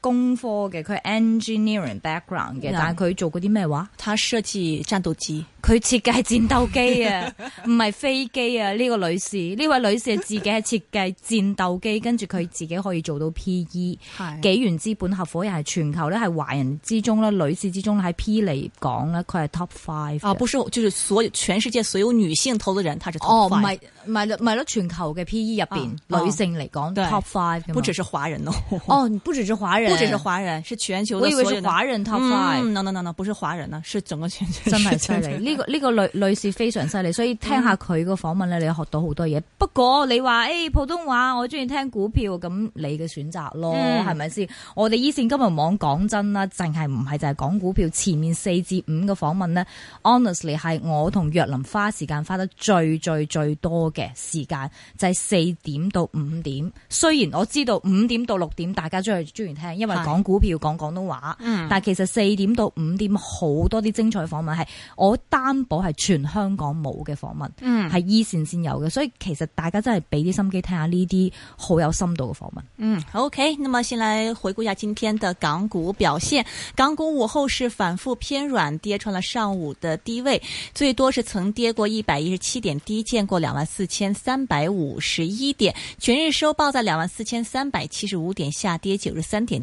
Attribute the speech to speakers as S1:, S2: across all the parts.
S1: 工科嘅，佢係 engineering background 嘅，yeah。但係佢做嗰啲咩話？他設計戰鬥機，佢設計戰鬥機啊，唔 係飛機啊。呢、這個女士，呢 位女士是自己係設計戰鬥機， 跟住佢自己可以做到 PE、啊。係紀元資本合伙人係全球咧，係華人之中咧，女士之中咧，喺 PE 嚟講咧，佢係 top five。啊，不是，就是所有全世界所有女性投資人，他就哦唔係唔係唔係咯全球嘅 PE 入邊、啊、女性嚟講 top five，
S2: 不只是華人咯、哦。哦，不只是華人、哦。 不只是華人，是全球的的。我以為是華人 top five，no、嗯、no no no，不是華人啊，是整個全球。真係犀利，呢、 這
S1: 個呢、呢個女，女士非常犀利，所以聽下佢個訪問咧、嗯，你學到好多嘢。不過你話誒、欸、普通話，我中意聽股票，咁你嘅選擇咯，係咪先？我哋醫線金融網講真啦，淨係唔係就係講股票。前面四至五個訪問咧，honestly 係我同若林花時間花得最最最、最多嘅時間，就係、是、四點到五點。雖然我知道五點到六點大家都係中意聽。因為講股票講廣東話、嗯，但其實四點到五點好多啲精彩訪問係我擔保係全香港冇嘅訪問，係一綫先有嘅，所以其實大家真係俾啲心機睇下呢啲好有深度嘅訪問。
S2: 嗯，OK，那麼先來回顧一下今天的港股表現。港股午後市反復偏軟，跌穿了上午的低位，最多是曾跌過一百一十七點，低見過兩萬四千三百五十一點，全日收報在兩萬四千三百七十五點，下跌九十三點。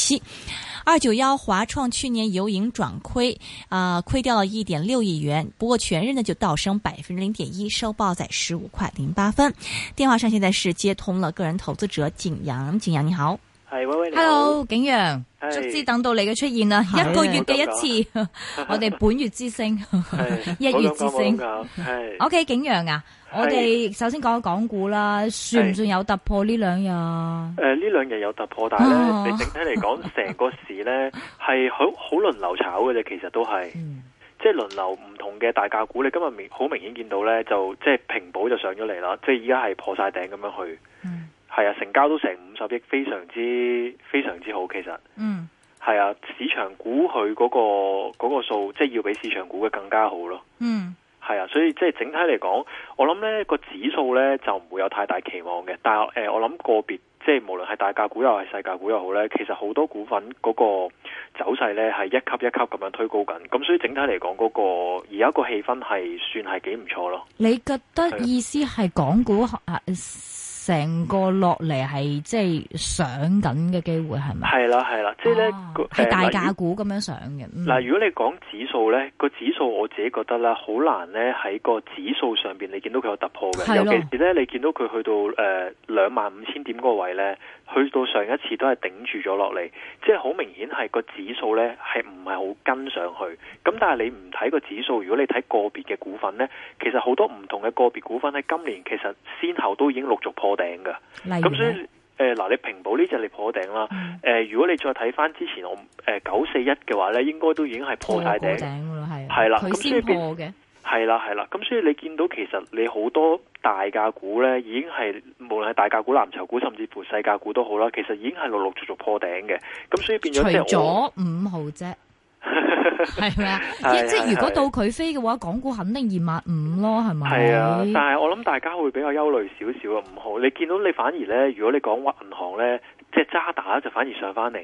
S2: 七，二九幺華創去年由盈轉虧，啊、呃，虧掉了一點六億元。不過全日呢就倒升百分之零點一，收報在十五塊零八分。電話上現在是接通了個人投資者景羊，景羊你好，Hello 景羊，
S1: 終、hey. 於等到你嘅出現啦，hey, 一個月嘅一次，hey. 我哋本月之星，hey. 一月之星，係、hey.，OK，景羊啊。我哋首先講一講港股啦，算唔算有突破呢兩日？
S3: 誒，呢兩日有突破，但係咧， 你整體嚟講，成個市咧係好好輪流炒嘅啫，其實都係，即係輪流唔同嘅大價股。你今日明好明顯見到咧，就即係、就是、平保就上咗嚟啦，即係而家係破晒頂咁樣去。係、嗯、係啊，成交都成五十億，非常之非常之好，其實。
S2: 嗯，
S3: 係啊，市場股佢嗰、那個嗰、那個數，即、就、係、是、要比市場股嘅更加好咯。嗯。係啊，所以即係整體嚟講，我諗呢個指數呢就唔會有太大期望嘅。但係誒、呃，我諗個別即係無論係大價股又係細價股又好呢，其實好多股份嗰個走勢呢係一級一級咁樣推高緊。咁所以整體嚟講、那個，嗰個而家個氣氛係算係幾唔錯咯。
S1: 你覺得意思係港股是？、啊成個落嚟，係即係上緊嘅機會，係咪？係
S3: 啦係啦，即係咧個係大價股咁樣
S1: 上嘅。嗱、
S3: 嗯，如果你講指數咧，個指數我自己覺得咧，好難咧喺個指數上邊你見到佢有突破嘅。尤其是咧，你見到佢去到誒兩萬五千點個位咧，去到上一次都係頂住咗落嚟，即係好明顯係個指數咧係唔係好跟上去。咁但係你唔睇個指數，如果你睇個別嘅股份咧，其實好多唔同嘅個別股份呢，喺今年其實先後都已經陸續破。破頂嘅，咁所以誒嗱、呃，你平保呢隻你破頂啦。誒、嗯呃，如果你再睇翻之前我誒九四一嘅話咧，應該都已經係破晒頂啦，係啦。咁所以變係啦係啦。咁所以你見到其實你好多大價股咧，已經係無論係大價股、藍籌股，甚至乎細價股都好啦。其實已經係陸陸續續破頂嘅。咁所以變咗除咗
S1: 五號啫。
S3: 係咪啊？即係如果到
S1: 佢飛嘅話的，港股肯定二萬五咯，係咪？係啊，但
S3: 係我諗大家會比較憂慮少少啊。五號你見到你反而咧，如果你講銀行咧，即係渣打就反而上翻嚟，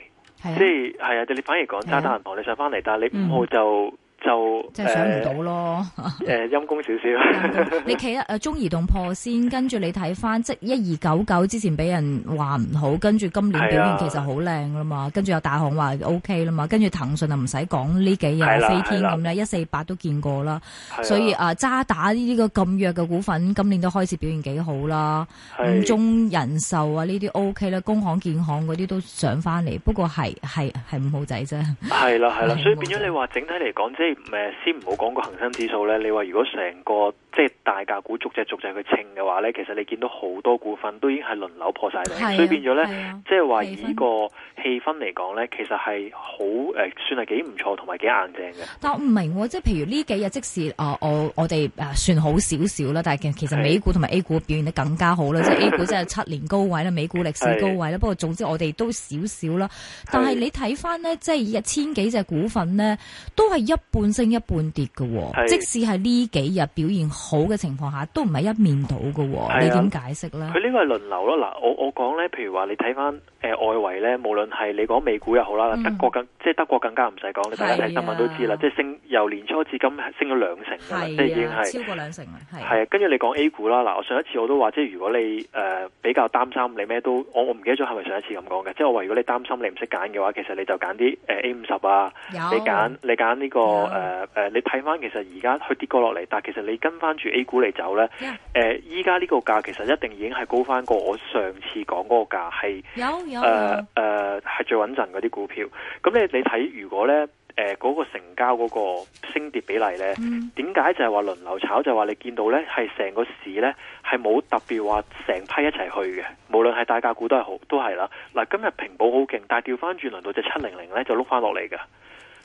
S3: 啊，即係係啊，你反而講渣打銀行，啊、你上翻嚟，但係你五號就。嗯就即係、呃就是、想唔到咯、
S1: 呃，誒
S3: 陰、呃、公少少。 你企
S1: 啦，誒中移動破先，跟住你睇翻即係一二九九之前俾人話唔好，跟住今年表現其實好靚噶嘛，跟住有大行話 O K 啦嘛，跟住騰訊就唔使講呢幾日飛天咁咧，一四八都見過啦，所以啊渣、呃、打呢啲個咁弱嘅股份，今年都開始表現幾好啦。五中人壽啊呢啲 O K 啦，工行、OK、建行嗰啲都上翻嚟，不過係係係五號仔啫。係
S3: 啦係啦，所以變咗你話整體嚟講即係先唔好講個恒生指數咧。你話如果成個即係大價股逐隻逐隻去稱嘅話咧，其實你見到好多股份都已經係輪流破晒頂，所以變咗咧，即係話以個氣氛嚟講咧，其實係好誒，算係幾唔錯同埋幾硬淨嘅。
S1: 但我唔明，即係譬如呢幾日，即使啊，我我哋算好少少啦，但係其實美股同埋 A 股表現得更加好啦，即係 A 股即係七年高位啦， 美股歷史高位啦。不過總之我哋都少少啦，但係你睇翻呢，即係一千幾隻股份呢，都係一半升一半跌嘅喎。即使係呢幾日表現好。好嘅情況下都唔係一面倒嘅、啊，你點解釋咧？佢
S3: 呢個係輪流咯。嗱，我我講咧，譬如話你睇翻誒外圍咧，無論係你講美股又好啦、嗯，德國更即係德國更加唔使講，你大家睇新聞都知啦，即係升由年初至今升咗兩成、啊、即係已經係超過兩
S1: 成。
S3: 係啊，跟住、啊、你講 A 股啦，嗱，我上一次我都話，即係如果你誒、呃、比較擔心你咩都，我我唔記得咗係咪上一次咁講嘅，即係我話如果你擔心你唔識揀嘅話，其實你就揀啲誒 A 五十啊，你揀你揀呢個誒誒，你睇翻、這個呃、其實而家佢跌過落嚟，但係其實你跟翻。跟住 A 股嚟走呢，誒、yeah. 呃，依家呢個價其實一定已經係高翻過我上次講嗰個價係，有有係、呃呃、最穩陣嗰啲股票。咁你睇如果呢誒嗰、呃嗰個成交嗰個升跌比例呢，點、mm. 解就係話輪流炒？就話、是、你見到呢係成個市呢係冇特別話成批一齊去嘅，無論係大價股都係好都係啦。嗱、呃，今日平保好勁，但係調翻轉輪到隻七零零呢，就碌翻落嚟嘅。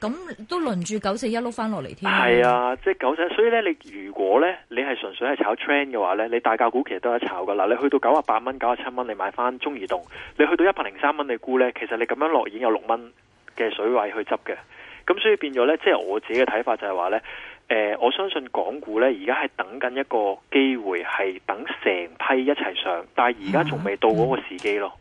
S1: 咁都輪住九四一碌翻落嚟添，係啊，即係
S3: 九四，就是、94，所以咧，你如果咧，你係純粹係炒 trend 嘅話咧，你大價股其實都係炒噶啦，你去到九啊八蚊、九啊七蚊，你買翻中移動，你去到一百零三蚊，你沽咧，其實你咁樣落已經有六蚊嘅水位去執嘅。咁所以變咗咧，即、就、係、是、我自己嘅睇法就係話咧，誒，我相信港股咧而家係等緊一個機會，係等成批一齊上，但係而家仲未到嗰個時機咯。嗯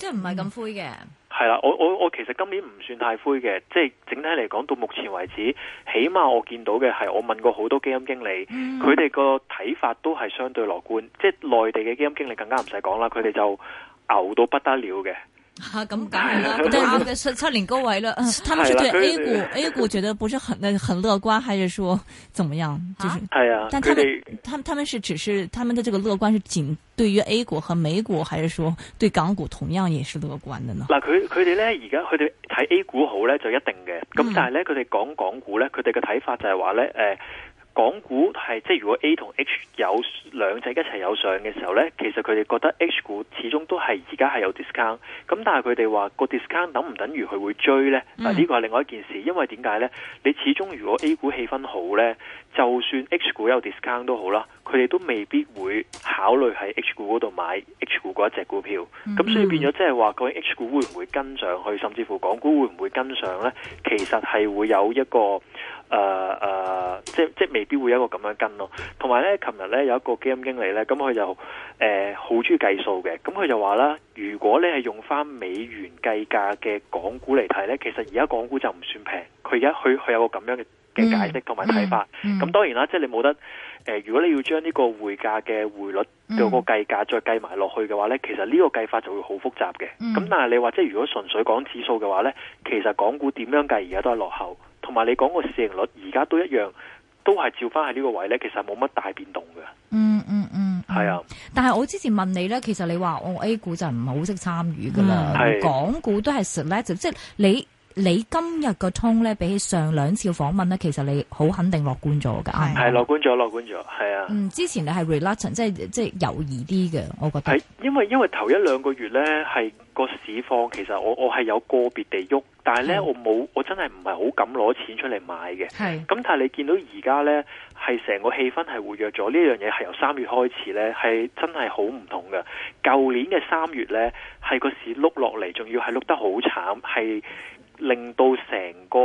S3: 即係唔係咁灰嘅，係、嗯、啦，我我我其實今年唔算太灰嘅，即係整體嚟講到目前為止，起碼我見到嘅係我問過好多基金經理，佢哋個睇法都係相對樂觀，即係內地嘅基金經理更加唔使講啦，佢哋就牛到不得了嘅。
S2: 吓咁
S1: 解啦，但係佢七七年高
S2: 位啦，他們是
S3: 對
S1: A 股 A
S2: 股覺得不是很很樂觀，還是說怎麼樣？就是係啊，但係佢他們他們,他們是只是他們的這個樂觀是僅對於 A 股和美股，還是說對港股同樣也是樂觀的呢？
S3: 嗱，佢佢哋咧而家佢哋睇 A 股好咧就一定嘅，咁但係咧佢哋講港股咧，佢哋嘅睇法就係話咧誒。呃港股係即係如果 A 同 H 有兩隻一齊有上嘅時候呢，其實佢哋覺得 H 股始終都係而家係有 discount，咁但係佢哋話個 discount 等唔等於佢會追呢？嗱呢個係另外一件事，因為點解呢？你始終如果 A 股氣氛好呢。就算 H 股有 discount 都好啦，佢哋都未必會考慮喺 H 股嗰度買 H 股嗰一隻股票，咁、mm-hmm。所以變咗即係話究竟 H 股會唔會跟上去，甚至乎港股會唔會跟上呢？其實係會有一個誒誒，即、呃、即、呃就是就是、未必會有一個咁樣跟咯、啊。同埋呢，琴日呢有一個基金經理呢，咁佢就誒好中意計數嘅，咁、呃、佢就話啦，如果你係用翻美元計價嘅港股嚟睇呢，其實而家港股就唔算平，佢而家佢佢有個咁樣嘅。嘅、嗯嗯嗯、解釋同埋睇法，咁當然啦，即係你冇得、呃、如果你要將呢個匯價嘅匯率個、嗯這個計價再計埋落去嘅話咧，其實呢個計法就會好複雜嘅。咁、嗯、但係你話即係如果純粹講指數嘅話咧，其實港股點樣計而家都係落後，同埋你講個市盈率而家都一樣，都係照翻喺呢個位咧，其實冇乜大變動嘅。嗯嗯
S1: 嗯，係、嗯、啊。但係我之前問你咧，其實你話我 A 股就唔係好識參與噶啦，嗯、港股都係 select，即係、就是、你。你今日個通咧，比起上兩次訪問咧，其實你好肯定樂觀咗㗎。係
S3: 係樂觀咗，樂觀咗，係啊。
S1: 嗯，之前你係 reluctant，即係即係猶豫啲嘅，我覺得。係
S3: 因為因為頭一兩個月咧，係個市況其實我我係有個別地喐，但係咧、嗯、我冇，我真係唔係好敢攞錢出嚟買嘅。係。咁但係你見到而家咧，係成個氣氛係活躍咗，呢樣嘢係由三月開始咧，係真係好唔同㗎。舊年嘅三月咧，係個市碌落嚟，仲要係碌得好慘，係。令到成個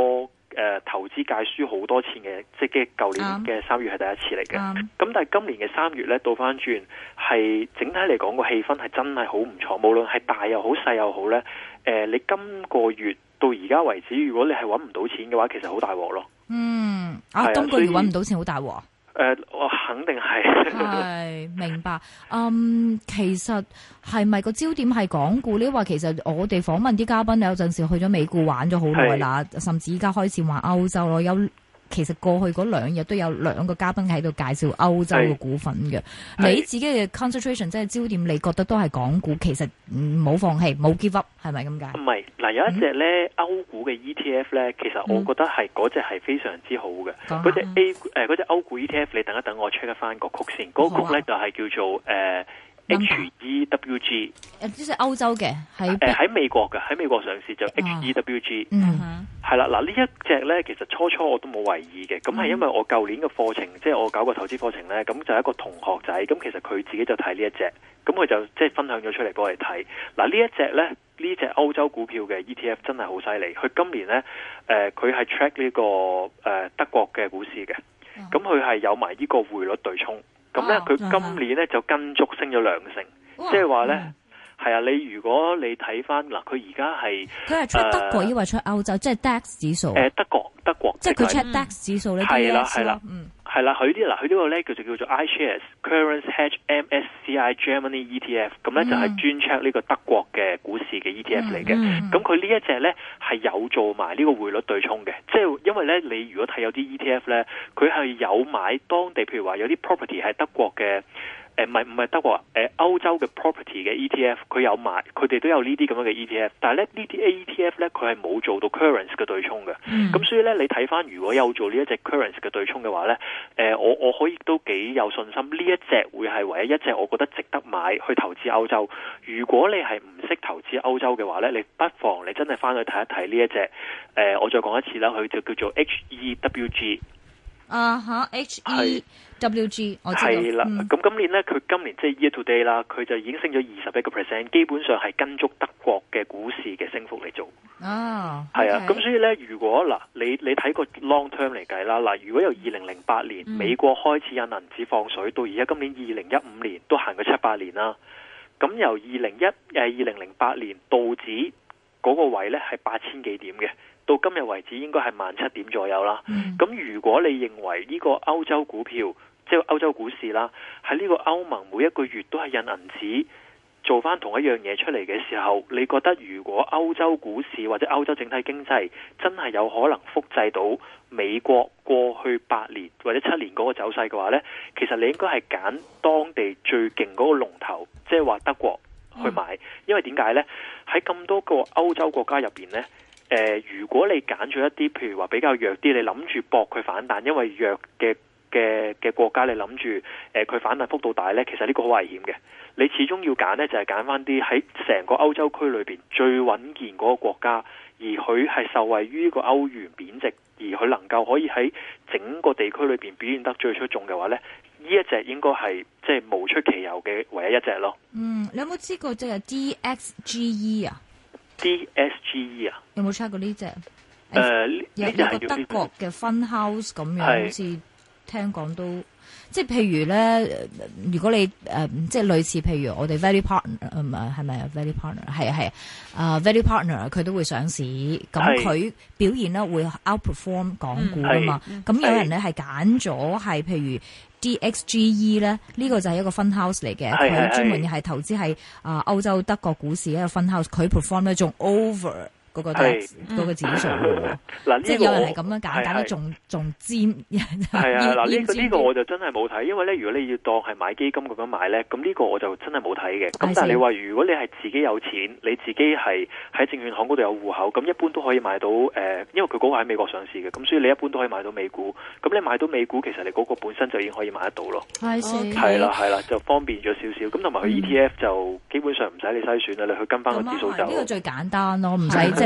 S3: 誒、呃、投資界輸好多錢嘅，即係舊年嘅三月係第一次嚟嘅。咁、uh, uh, 但係今年嘅三月咧，倒翻轉係整體嚟講個氣氛係真係好唔錯。無論係大又好細又好咧，誒、呃、你今個月到而家為止，如果你係揾唔到錢嘅話，其實好大鑊咯。
S1: 嗯，啊，今個、啊、月揾唔到錢好大鑊。
S3: 誒、uh,，我肯定
S1: 係係 明白，嗯、um,，其實係咪個焦點係港股呢？話其實我哋訪問啲嘉賓有陣時去咗美股玩咗好耐啦，甚至依家開始玩歐洲咯，有。其實過去嗰兩日都有兩個嘉賓喺度介紹歐洲嘅股份嘅，你自己嘅 concentration 即係焦點，你覺得都係港股，其實唔好、嗯、放棄冇 give up 係咪咁解？唔係，
S3: 嗱有一隻咧歐股嘅 ETF 咧，其實我覺得係嗰隻係非常之好嘅，嗰隻、那個、A 誒嗰隻歐股 ETF，你等一等我 check 翻個 code 先，嗰、那個 code 咧就係叫做誒。呃 H E W G，呢隻歐
S1: 洲嘅喺誒喺
S3: 美國嘅喺美國上市就 H E W G，、啊、嗯，係、
S1: 嗯、
S3: 啦，嗱呢一隻呢，其實初初我都冇為意嘅，咁、嗯、係因為我舊年嘅課程，即、就、係、是、我搞個投資課程呢，咁就是一個同學仔，咁其實佢自己就睇呢一隻，咁佢就即係、就是、分享咗出嚟畀我哋睇，嗱呢一隻呢，呢隻歐洲股票嘅 E T F 真係好犀利，佢今年呢，誒佢係 track 呢、這個誒、呃、德國嘅股市嘅，咁佢係有埋呢個匯率對沖。咁咧，佢、oh, 今年咧、就是、就跟足升咗兩成，即係話咧，係、就、啊、是！你、嗯、如果你睇翻嗱，佢而家係佢係出德國、呃，抑
S1: 或出歐洲，即係 DAX 指數、啊。誒、呃，德國，德國、就是，即係佢 check DAX 指數呢，係啦，係啦，嗯。
S3: 係、嗯、啦，佢啲嗱，佢、嗯嗯、呢個咧叫做叫做 iShares Currency Hedged MSCI Germany ETF，咁咧就係專 check 呢個德國嘅股市嘅 ETF 嚟嘅。咁佢呢一隻咧係有做埋呢個匯率對沖嘅，即係因為咧你如果睇有啲 ETF 咧，佢係有買當地，譬如話有啲 property 係德國嘅。誒唔係唔係德國、呃、歐洲嘅 property 嘅 ETF 佢有買，佢哋都有呢啲咁樣嘅 ETF，但係咧呢啲 ETF 咧佢係冇做到 currency 嘅對沖嘅。咁、嗯、所以咧你睇翻如果有做呢一隻 currency 嘅對沖嘅話咧、呃，我我可以都幾有信心呢一隻會係唯一一隻我覺得值得買去投資歐洲。如果你係唔識投資歐洲嘅話咧，你不妨你真係翻去睇一睇呢一隻。誒、呃、我再講一次啦，佢就叫做 HEWG。
S1: 啊吓、uh-huh，H E W G，我係啦。
S3: 咁、嗯、今年咧，佢今年即係 year to day 啦，佢、就是、就已經升咗二十一個 percent。基本上係跟足德國嘅股市嘅升幅嚟做。
S1: 哦、oh, okay.，係啊。咁
S3: 所以咧，如果嗱，你你睇個 long term 嚟計啦，嗱，如果由二零零八年、mm-hmm. 美國開始有銀紙放水，到而家今年二零一五年都行咗七八年啦。咁由二零一誒二零零八年道指嗰個位咧係八千幾點嘅。到今日為止應該係萬七點左右啦、嗯。咁如果你認為呢個歐洲股票即係歐洲股市啦，喺呢個歐盟每一個月都係印銀紙做翻同一樣嘢出嚟嘅時候，你覺得如果歐洲股市或者歐洲整體經濟真係有可能複製到美國過去八年或者七年嗰個走勢嘅話呢，其實你應該係揀當地最勁嗰個龍頭，即係話德國去買，嗯、因為點解呢？喺咁多個歐洲國家入面呢。誒、呃，如果你揀咗一啲，譬如話比較弱啲，你諗住搏佢反彈，因為弱嘅嘅嘅國家，你諗住誒佢反彈幅度大呢，其實呢個好危險嘅。你始終要揀呢，就係揀翻啲喺成個歐洲區裏邊最穩健嗰個國家，而佢係受惠於個歐元貶值，而佢能夠可以喺整個地區裏邊表現得最出眾嘅話呢，呢一隻應該係即係無出其右嘅唯一一隻咯。嗯，
S1: 你有冇知過個即係 DXGE 啊？D S G E 啊，有冇 check 過呢隻？
S3: 誒、呃，有有一個德國
S1: 嘅 fund house 咁樣，好似聽講都即係譬如咧，如果你誒、呃、即係類似譬如我哋 Value Partners 咁啊，係咪啊 Value Partners 係啊，係啊，啊、uh, Value Partners 佢都會上市，咁佢表現咧會 outperform 港股噶嘛，咁有人咧係揀咗係譬如。D X G E 咧呢、這個就係一個 fund house 嚟嘅，佢專門係投資係啊歐洲德國股市一個 fund house，佢 perform 呢仲 over。嗰個，嗰個指數，咁樣搞，搞仲仲尖，
S3: 係啊，嗱呢呢個我就真係冇睇，因為咧，如果你要當係買基金咁樣買咧，咁呢個我就真係冇睇嘅。咁但係你話如果你係自己有錢，你自己係喺證券行嗰度有戶口，咁一般都可以買到誒、呃，因為佢嗰個喺美國上市嘅，咁所以你一般都可以買到美股。咁你買到美股，其實你嗰個本身就已經可以買得到咯。係先，係啦係啦，就方便咗少少。咁同埋佢 ETF 就基本上唔使你篩選啦，你去跟翻個指數走。呢、這個
S2: 最簡單咯，唔使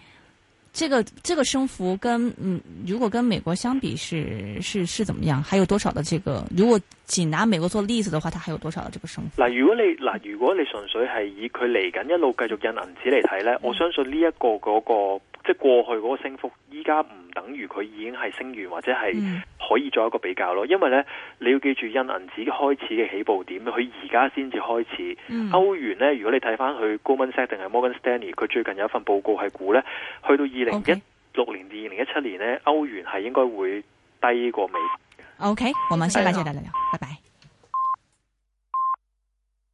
S2: 這個這個升幅跟嗯，如果跟美國相比是是是怎麼樣？還有多少的這個？如果僅拿美國做例子的話，它還有多少的這個升幅？
S3: 嗱，如果你嗱，如果你純粹係以佢嚟緊一路繼續印銀紙嚟睇咧，我相信呢一個嗰個。那個即係過去嗰個升幅，依家唔等於佢已經係升完或者係可以做一個比較咯，嗯。因為咧，你要記住，印銀紙開始嘅起步點，佢而家先至開始。歐、嗯、元咧，如果你睇翻佢 Goldman Sachs 定係 Morgan Stanley，佢最近有一份報告係估咧，去到二零一六年至二零一七年咧，歐元係應該會低過美。
S2: OK，我敏下來聊。拜拜。